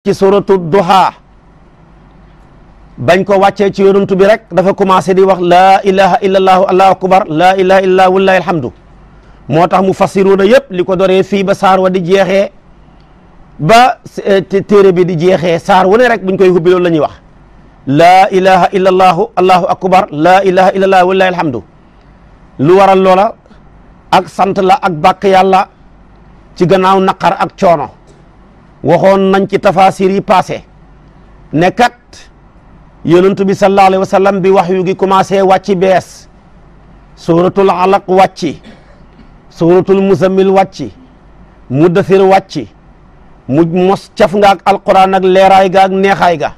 ci suratu duha bañ ko wàccee ci yonent bi rek dafa commencé di wax laa ilaha illa allahu allahu akbar laa ilaha illa wallahi alhamdu moo tax mu fassiruuna yëpp li ko doree fii ba saar wa di jeexee ba eh, téere bi di jeexe saar wu rek buñ koy hubbi loolu la ñuy wax laa ilaha illa allahu allahu akbar laa ilaha illa allahu wallahi alhamdu lu waral loola ak sant la ak bàkk yàlla ci gannaaw naqar ak coono waxoon nañ ci tafasir yi ne kat yonent bi sallallahu alayhi wa sallam bi wax yu gi commencé wàcci bees suratul alaq wàcci suratul muzammil wàcci muddathir wàcci mu mos caf nga ak alquran ak leeraay ga ak neexaay ga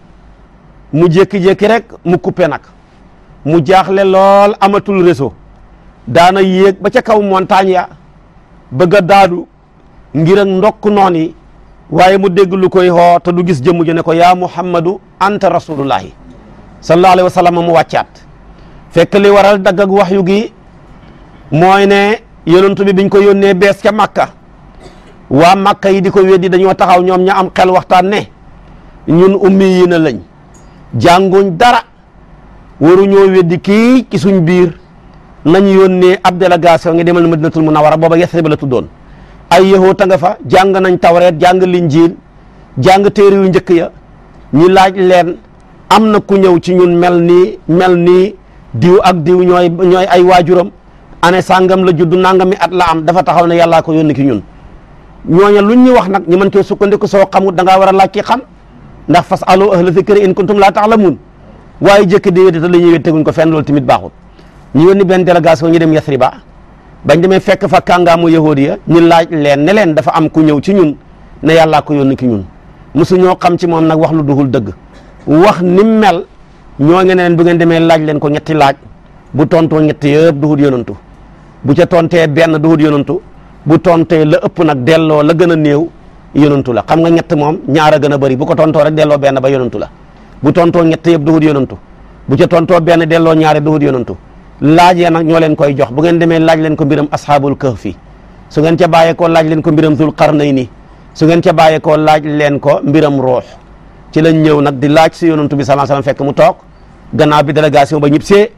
mu jékki-jékki rek mu kuppe nag mu jaaxle lool amatul réseau daana yéeg ba ca kaw montagne ya bëgg a daadu ngir ak ndokk noon yi waaye mu dégg lu koy xoo te du gis jëmm ju ne ko yaa muhammadu anta rasulullahi sallallahu alayhi wa sallam mu wàccaat fekk li waral dagg ak waxyu gi mooy ne yonentu bi biñ ko yónnee bees ca Makka waa Makka yi di ko weddi dañoo taxaw ñoom ña am xel waxtaan ne ñun ummi yi na lañ jànguñ dara waruñoo weddi kii ci suñ biir nañ yónnee ab délégation ngi demal madinatul munawara booba Yasrib la tuddoon ay yahoo ta nga fa jàng nañ tawreet jàng linjiil jàng téere yu njëkk ya ñi laaj leen am na ku ñëw ci ñun mel nii mel nii diw ak diw ñooy ñooy ay waajuram année sàngam la juddu nangami at la am dafa taxaw ne yàllaa ko yónni ki ñun ñoo ñooña luñ ñu wax nag ñu man cee sukkandiku soo xamut da ngaa war laaj ki xam ndax fas alu ahla zikri in kuntum laa ta'lamuun waaye jëkk di wéddi te li ñuy wéddi teguñ ko fenn loolu tamit baaxul ñu yónni benn délégation ñu dem Yasriba bañ demee fekk fa kàngaamu ya ñu laaj leen ne leen dafa am ku ñëw ci ñun ne yàllaa ko yónni ki ñun su ñoo xam ci moom nag wax lu duhul dëgg wax ni mel ñoo nge ne leen bu ngeen demee laaj leen ko ñetti laaj bu tontoo ñetti yëpp duhul yonantu bu ca tontee benn duhul yonantu bu tontee la ëpp nag delloo la gën a néew yonantu la xam nga ñett moom ñaar a gën a bëri bu ko tontoo rek delloo benn ba yonantu la bu tontoo ñett yëpp duhul yonantu bu ca tontoo benn delloo ñaari duhul yonantu laaj ya nag ñoo leen koy jox bu ngeen demee laaj leen ko mbiram ashaabul kahfi su ngeen ca bàyyeekoo laaj leen ko mbiram zul qarnayni su ngeen ca bàyyeekoo laaj leen ko mbiram ruux ci lañ ñëw nag di laaj si yonantu bi sallallahu alayhi fekk mu toog gannaaw bi délégation ba ñëpp see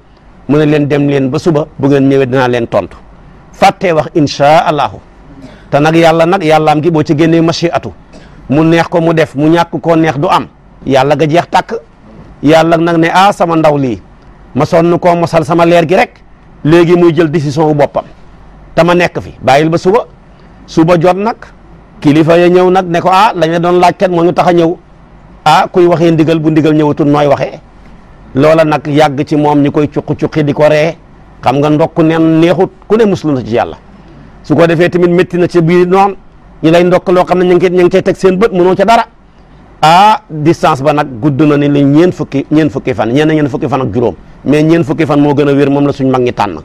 mu ne leen dem leen ba suba bu ngeen ñëwee dinaa leen tontu fàttee wax insha allahu te nag yàlla nag yàllaam gi boo ci génnee mashiatu mu neex ko mu def mu ñàkk koo neex du am yàlla ga jeex tàkk yàlla nag ne a ah sama ndaw lii ma nu koo mosal sama leer gi rek léegi muy jël décision wu boppam tama nekk fi bàyyil ba suba suba jot nag kilifa ya ñëw nag ne ko ah la ñu doon laaj kat moo ñu tax a ñëw ah kuy waxee ndigal bu ndigal ñëwatul nooy waxee loola nag yàgg ci moom ñu koy cuqi-cuqi di ko ree xam nga ndokk nen neexut ku ne muslu na ci yàlla su ko defee tamit metti na ci biir noon ñu lay ndokk loo xam ne ñu ngi ñu ngi cay teg seen bët mënoo ca dara ah distance ba nag gudd na ni li ñeen fukki ñeen fukki fan ñeen ñeen fukki fan ak juróom mais ñeent fukki fan moo gën a wér moom la suñ mag ñi tànn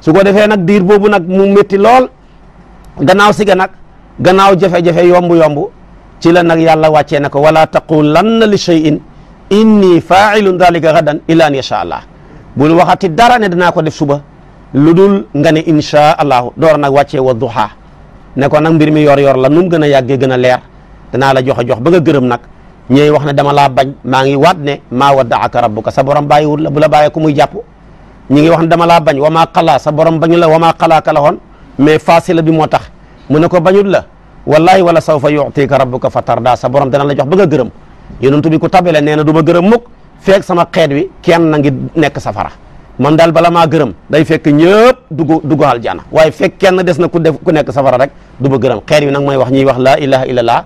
su ko defee nag diir boobu nag mu métti lool gannaaw si ga nag gannaaw jafe-jafe yomb-yomb ci la nag yàlla wàccee na ko wala taqulanna li shay'in inni faa'ilun dhalika ghadan illa an yasha allah bul waxati dara ne danaa ko def suba lu dul nga ne insha allahu door nag wàccee wa duha ne ko nag mbir mi yor yor la nu mu gën a yàggee gën a leer danaa la joxe jox ba nga gërëm nag ñooy wax ne dama laa bañ maa ngi waat ne maa waddaaka rabbuka sa borom bàyyiwul la bu la bàyyee ku muy jàpp ñi ngi wax ne dama laa bañ wa maa xalaa sa borom bañu la wa maa xalaa ka la woon mais bi moo tax mu ne ko bañul la wallahi wala sawfa yu'tika rabbuka fa tarda sa borom dana la jox bëgg a gërëm yonent bi ku tabele nee na du ma gërëm mukk feeg sama xeet wi kenn na ngi nekk safara man daal bala maa gërëm day fekk ñëpp dugg dugg aljana waaye fekk kenn des na ku def ku nekk safara rek du ma gërëm xeet wi nag mooy wax ñuy wax laa ilaha illallah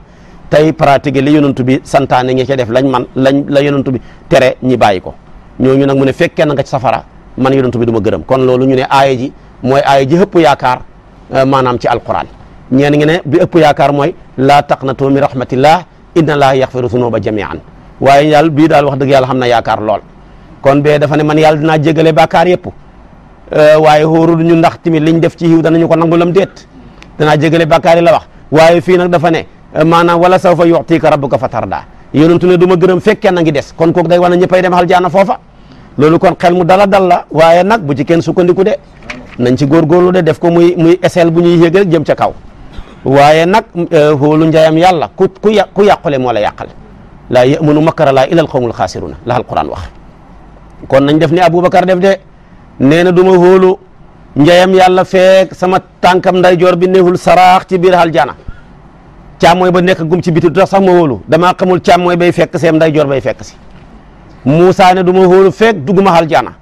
tey pratiquer li yonent bi santaane ñi def lañ man lañ la yonent bi tere ñi bàyyi ko ñooñu nag mu ne fekkee na nga ci safara man yonent bi du ma gërëm kon loolu ñu ne aaya mooy aaya ji ëpp yaakaar euh, maanaam ci alquran ñeen ngi ne bi ëpp yaakaar mooy laa taqnatu min rahmatillah inna laa yaxfiru zunuba jamian waaye yàlla bii daal wax dëgg yàlla xam na yaakaar lool kon bee dafa man yàlla dinaa jégale bàkkaar yëpp euh, waaye xóorul ñu ndax tamit liñ def ci yiw danañu ko nangu lam déet danaa jégale bàkkaar yi la wax waaye fii ne maanaam wala sawfa yu'tika rabbuka fatarda yonentu ne du ma gërëm fekkee na ngi des kon kooku day wane ñëppay dem aljanna foofa loolu kon xel mu dala dal la waaye nag bu ci kenn sukkandiku de nañ ci lu de def ko muy muy eseel bu ñuy yéeg rek jëm ca kaw waaye nag e, xoolu njayam yàlla ku ku yà ku yàqule moo la yàqal laa yamunu makara laa ilal qawmul xaasiruna la alquran wax kon nañ def ne Aboubacar def de nee na du ma xoolu njayam yàlla feek sama tànkam nday bi neexul saraax ci biir aljana càmmooy ba nekk gum ci biti du tax sax ma wóolu damaa xamul càmmooy bay fekk seem nday jor bay fekk si Moussa ne du ma wóolu feeg dugg ma aljana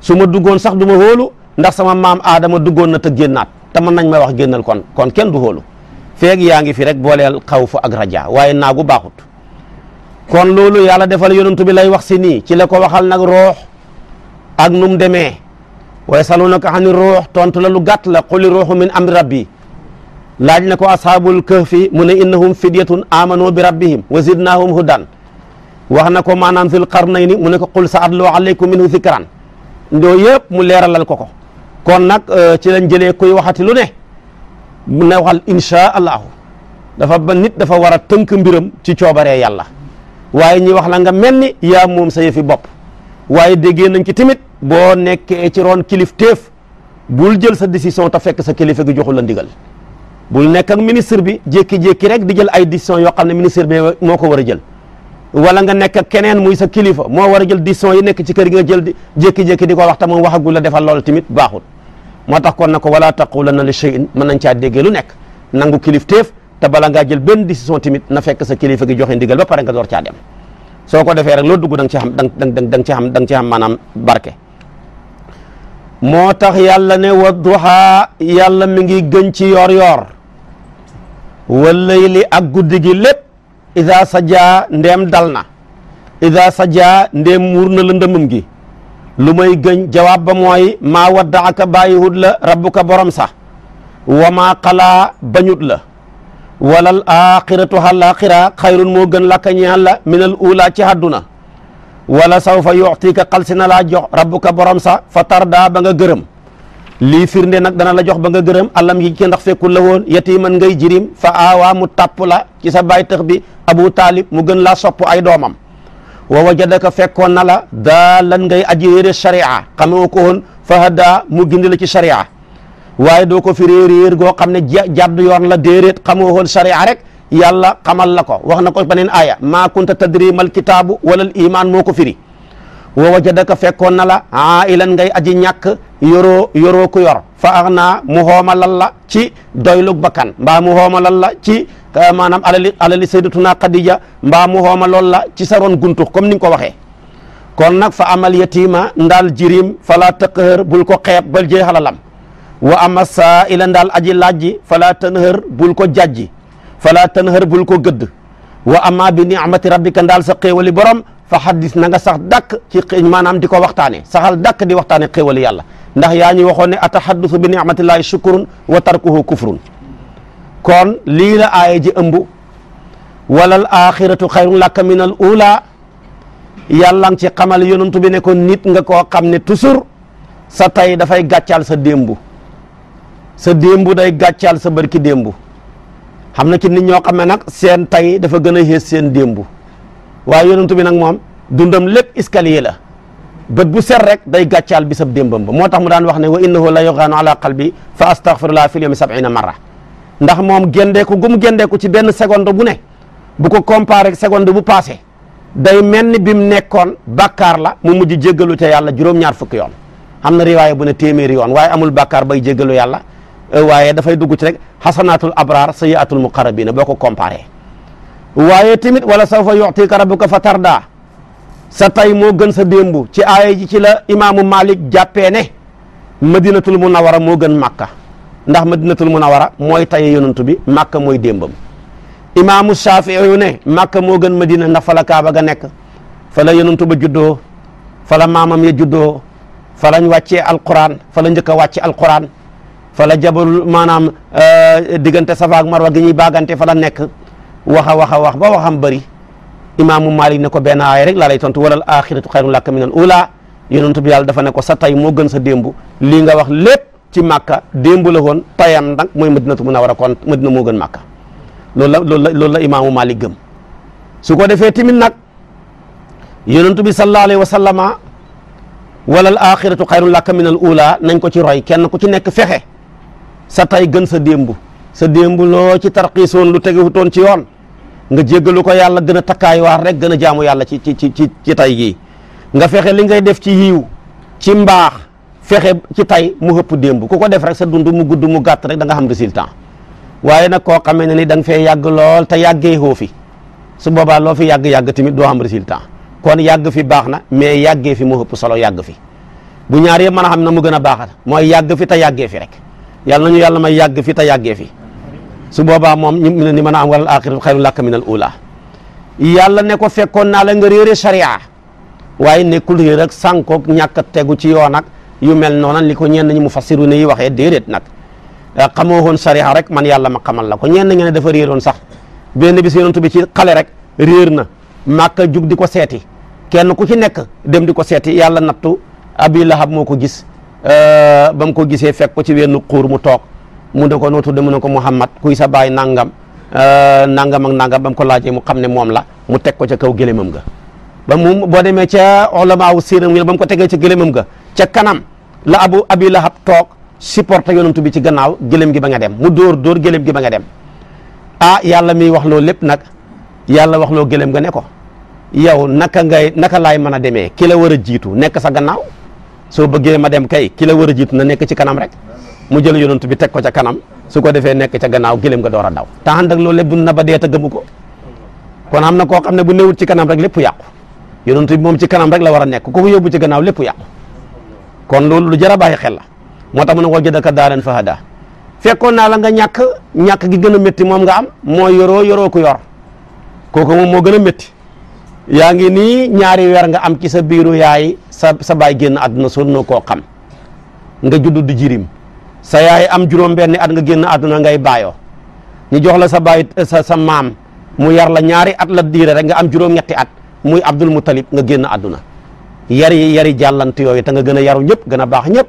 su ma dugoon sax du ma wóolu ndax sama maam aadama duggoon na te génnaat te mën nañ ma wax génnal kon kon kenn du wóolu feeg yaa ngi fi rek booleel xaw fa ak raja waaye naagu baaxut kon loolu yàlla defal yonent bi lay wax si nii ci la ko waxal nag roox ak num deme waaye salunaka ani roox tontu la lu gàtt la quli rooxu min amri rabbi laaj na ko a ashaabul kahfi mu ne innahum fidyatun amanu bi rabbihim wa zidnahum hudan wax na ko maanaam fil qarnayni mu ne ko qul sa atlu alaykum minhu zikran ndoo yëpp mu leeralal ko ko kon nag euh, ci lañ jëlee kuy waxati lu ne mu ne waxal insha allahu dafa ba nit dafa war a tënk mbiram ci coobaree yàlla waaye ñi wax la mel ni yaa moom sa yëfi bopp waaye déggee nañ ci tamit boo nekkee ci roon kilif téef bul jël sa decision ta fekk sa kilifa gi joxul la ndigal bul nekk ak ministre bi jékki-jékki rek di jël ay décision yoo xam ne ministre bi moo ko war a jël wala nga nekk keneen muy sa kilifa moo war a jël décision yi nekk ci kër gi nga jël di jékki di ko wax te moom waxagul la defal loolu tamit baaxul moo tax kon na ko wala taqulanna li shay'in mën nañ caa déggee lu nekk nangu kilifteef te bala ngaa jël benn décision tamit na fekk sa kilifa gi joxe ndigal ba pare nga door caa dem so ko defee loo dugg da nga ci xam da nga da nga ci xam nga ci xam barke moo tax yàlla ne wa duha yàlla mi ngi gën ci yor yor wallayli ak guddi gi lépp ida sajaa ndeem dalna na ida sajaa ndeem muur na la ndëmam gi lu may gëñ jawaab ba mooy maa waddaaka bàyyiwut la rabbuka borom sax wa maa xalaa bañut la walal axiratu xalaaxira xayrun moo gën lakka ñaan minal uulaa ci àdduna wala sawfa yuxtika xal si na laa rabbuka borom sax fa tardaa ba nga gërëm lii firnde nag dana la jox ba nga gërëm alam yi ci ndax la woon yatiiman ngay jirim fa aawaa mu tàpp la ci sa baay tëx bi abu taalib mu gën laa sopp ay doomam wa wajadaka fekkoon na la daalan ngay aji réere sharia xamoo ko woon fa hadaa mu gindi la ci sharia waaye doo ko fi réeréer goo xam ne jàdd yoon la déeréet xamoo woon sharia rek yàlla xamal la ko wax na ko beneen aaya maa kunta tadri mal kitaabu wala imaan moo ko firi wa wajadaka fekkoon na la ailan ngay aji ñàkk yoro ku yor fa ax naa mu xooma lal la ci doylug bakkan mbaa mu xooma lal la ci maanaam alali alali sayyidatuna Khadija mbaa mu xooma lool la ci sa ron guntu comme ni nga ko waxee kon nag fa amal yatima ndaal jirim fala taqhar bul ko xeeb bal jee xalalam wa ama saa'ila ndaal aji laajji fala tanhar bul ko jajji fala tanhar bul ko gëdd wa ama bi ni'mati rabbika ndaal sa xéewali borom fa xaddis na nga sax dakk ci maanaam di ko waxtaane saxal dakk di waxtaane xéewali yàlla ndax yaa ñu waxoon ne ataxaddusu bi ni'matillahi shukurun wa tarkuhu kufrun kon lii la aaya ji ëmb walal axiratu xayrun laka min al ula yàlla ngi ci xamal yonantu bi ne ko nit nga koo xam ne toujours sa tey dafay gàccaal sa démbu sa démbu day gàccaal sa bërki démbu xam na ci nit ñoo xam ne nag seen tey dafa gën a yées seen démbu waaye yonantu nag moom dundam lépp escalier la bët bu set rek day gàccaal bisab dembam ba moo tax mu daan wax ne wa innahu la yughanu ala qalbi fa astaghfirullah fil yawmi sab'ina marra ndax moom gendeeku gum gendeeku ci benn seconde bu ne bu ko comparé seconde bu paase day mel ni bi mu nekkoon bàkkaar la mu mujj jéggalu te yàlla juróom-ñaar fukki yoon am na riwaaya bu ne téeméeri yoon waaye amul bàkkaar bay jéggalu yàlla euh, waaye dafay dugg ci rek xasanaatul abraar sayyi'atul muqarrabina boo ko comparé waaye tamit wala sawfa yu'tika rabbuka fa tarda sa tay moo gën sa démb ci aaya ci la imaamu Malik jàppee ne madinatul munawara moo gën màkka ndax madinatul munawara mooy tay yonantu bi màkka mooy démbam imaamu Shaafi'i ne màkka moo gën madina ndax fa kaaba ga nekk fa la yonantu ba juddoo fala la maamam ya juddoo fa lañ wàccee alquran fa la njëkk a wàcce alquran fa la jabalul maanaam euh, diggante Safa ak Marwa gi ñuy baagante fa la nekk waxa waxa wax ba waxam bëri imaamu Malik ne ko benn aaya rek laa lay tontu walal axiratu xayrun laka minal ula yonent bi yàlla dafa ne ko sa tay moo gën sa démb lii nga wax lépp ci màkka démb la woon tayam nag mooy madinatu munawwara kon madina moo gën màkka loolu la loolu la loolu la imaamu Malik gëm su ko defee tamit nag yonent bi sallallahu alayhi wa sallama walal axiratu xayrun laka minal ula nañ ko ci roy kenn ku ci nekk fexe sa tay gën sa démb sa démb loo ci tarxiisoon lu tegewutoon ci yoon nga jéggalu ko yàlla gën a takkaayuwaat rek gën a jaamu yàlla ci ci ci ci tay gii nga fexe li ngay def ci yiw ci mbaax fexe ci tay mu ëpp démb ku ko def rek sa dund mu gudd mu gàtt rek da nga xam résultat waaye nag koo xamee ne ni da nga fee yàgg lool te yàggee xoo fi su boobaa loo fi yàgg-yàgg tamit doo xam résultat kon yàgg fi baax na mais yàggee fi mu ëpp solo yàgg fi bu ñaar yëpp mën a na mu gën a baaxal mooy yàgg fi te yàggee fi rek yàlla nañu yàlla may yàgg fi te yàggee fi su boobaa moom ñu ne ni mën a am wala axiratu xayrun laka minal ula yàlla ne ko fekkoon naa la nga réere sharia waaye nekkul réer ak sànkoog ñàkk a tegu ci yoon ak yu mel noonu li ko ñenn ñi mu fassiru ne yi waxee déedéet nag ah, xamoo woon sharia rek man yàlla ma xamal la ko ñenn ñi ne dafa réeroon sax benn bis yonent bi ci xale rek réer na màkka jug di ko seeti kenn ku ci nekk dem di ko seeti yàlla nattu abi lahab moo ko gis ah, ba mu ko gisee fekk ko ci wenn xuur mu toog mu ne ko noo tudd mu ne ko Muhammad kuy sa baay nangam euh, nangam ak nangam ba ko laaje mu xam ne moom la mu teg ko ca kaw gëlëmam ga ba mu boo demee ca ulama aw sere yi ba mu ko tegee ca gëlëmam ga ca kanam la abu abi lahab toog supporté yonantu bi ci gannaaw gëlëm gi ba nga dem mu dóor dóor gëlëm gi ba nga dem ah yàlla miy wax loo lépp nag yàlla wax loo gëlëm nga ne ko yow naka ngay naka laay mën a demee ki la war a jiitu nekk sa gannaaw soo bëggee ma dem kay ki la war a jiitu na nekk ci kanam rek mu jël yonent bi teg ko ca kanam su ko defee nekk ca gannaaw gëlëm ga door daw te ànd ak loolu lépp na ba dee te ko kon am na koo xam ne bu newut ci kanam rek lépp yàqu yonent bi moom ci kanam rek la war a nekk ku ko yóbbu ci gannaaw lépp yàqu kon loolu lu jar a bàyyi xel la moo tax mu ne wajadaka daaran fahadaa fekkoon naa la nga ñàkk ñàkk gi gën a métti moom nga am moo yoroo yoroo ku yor kooku moom moo gën a métti yaa ngi nii ñaari weer nga am ci sa biiru yaay sa sa baay génn àdduna sonnoo koo xam nga judd di jirim sa yaay am juróom-benni at nga génn àdduna ngay baayoo ñu jox la sa baay sa sa maam mu yar la ñaari at la diire rek nga am juróom-ñetti at muy Abdul Muttalib nga génn àdduna yari yari jàllant yooyu te nga gën a yaru ñëpp gën a baax ñëpp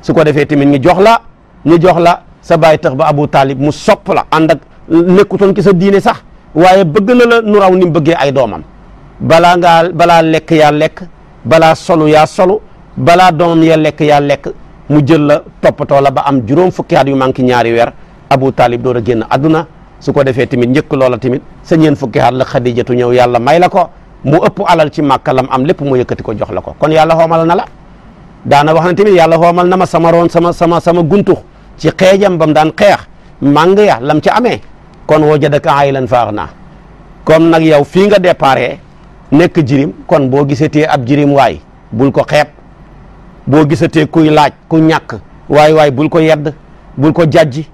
su ko defee tamit ñu jox la ñu jox la sa baay tax ba Abu taalib mu sopp la ànd ak nekkutoon ci sa diine sax waaye bëgg na la nu raw ni mu bëggee ay doomam balaa nga balaa lekk yaa lekk balaa solu yaa solu balaa doomam ya lekk yaa lekk mu jël la toppatoo la ba am juróom fukki at yu manqué ñaari weer Abu Talib door a génn àdduna su ko defee tamit njëkk loola tamit sa ñeen fukki at la Xadijatu ñëw yàlla may la ko mu ëpp alal ci Màkka lam am lépp mu yëkkati ko jox la ko kon yàlla xoomal na la daana wax na tamit yàlla xoomal na ma sama roon sama sama sama guntux ci xeejam ba daan xeex màng ya lam ci amee kon woo jadaka aayilan faax naa comme nag yow fii nga déparé nekk jirim kon boo gisee tee ab jirim waay ko xeeb boo gisatee kuy laaj ku ñàkk waay waay bul ko yedd bul ko jajji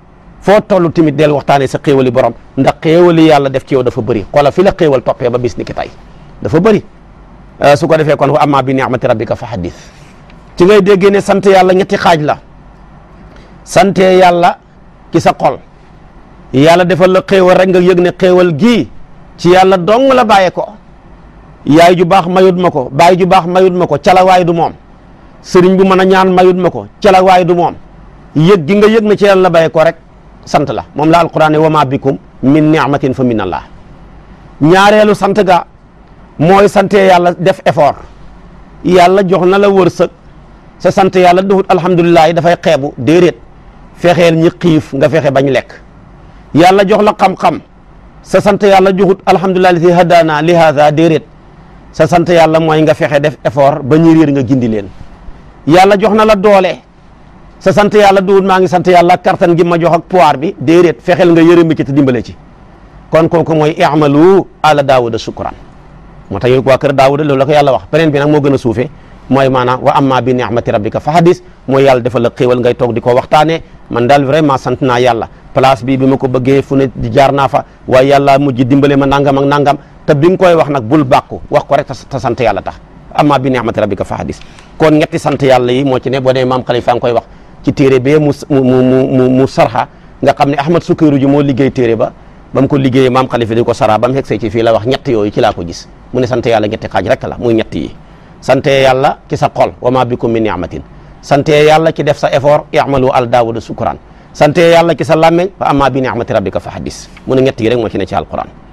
foo toll tamit del waxtaanee sa xéewali borom ndax xéewali yàlla def ci yoo dafa bëri xoola fi la xéewal toppee ba bis ni ki tey dafa bëri euh, su ko defee kon wa amma bi ni'mati rabbika fa hadith ci ngay déggee ne sant yàlla ñetti xaaj la sante yàlla ci sa xol yàlla defal la xéewal rek nga yëg ne xéewal gii ci yàlla dong la bàyyee ko yaay ju baax mayut ma ko baay ju baax mayut ma ko calawaay du moom sëriñ bu mën a ñaan mayut ma ko ci waaye du moom yëg gi nga yëg na ci yàlla la bay ko rek sant la moom la alquran ne wa ma bikum min ni'matin fa min allah ñaareelu sant ga mooy sante yàlla def effort yàlla jox na la wërsëg sa sant yàlla duhut alhamdulilah dafay xeebu déedéet fexeel ñi xiif nga fexe bañ lekk yàlla jox la xam-xam sa sant yàlla joxut alhamdulilah li hadana li hada déedéet sa sant yàlla mooy nga fexe def effort ba ñu réer nga gindi leen yàlla jox na la doole sa sant yàlla duwul maa ngi sant yàlla kartan gi ma jox ak bi déedéet fexeel nga yërëmi ci te dimbale ci kon kooku mooy i'malu ala daawuda shukran moo tax yéen waa kër daawuda loolu la ko yàlla wax beneen bi nag moo gën a suufee mooy maanaam wa amma bi ni'mati rabbika fa hadis mooy yàlla dafa la xéewal nga toog di ko waxtaanee man daal vraiment sant naa yàlla place bi bi ma ko bëggee fu ne jaar naa fa waaye yàlla mujj dimbale ma nangam ak nangam te bi nga koy wax nag bul bàkku wax ko rek te sant yàlla tax amma bi ni'mati rabbika fa hadis kon ñetti sant yàlla yi moo ci ne boo dee maam Khalifa a ngi koy wax bee mu mu nga xam ne Ahmad Sukayru ji moo liggéey téere ba ba mu ko liggéeyee maam Khalifa di ko sara ba mu xegsee ci fii la yooyu ci laa ko gis mu ne sant yàlla ñetti xaaj rek la muy ñett yi sante yàlla ci sa xol wa ma bikum min ni'matin sante yàlla ci def sa effort i'malu al daawuda sukuran sante yàlla ci sa làmmeñ fa amma bi ni'mati rabbika fa hadis mu ne yi rek moo ci ne ci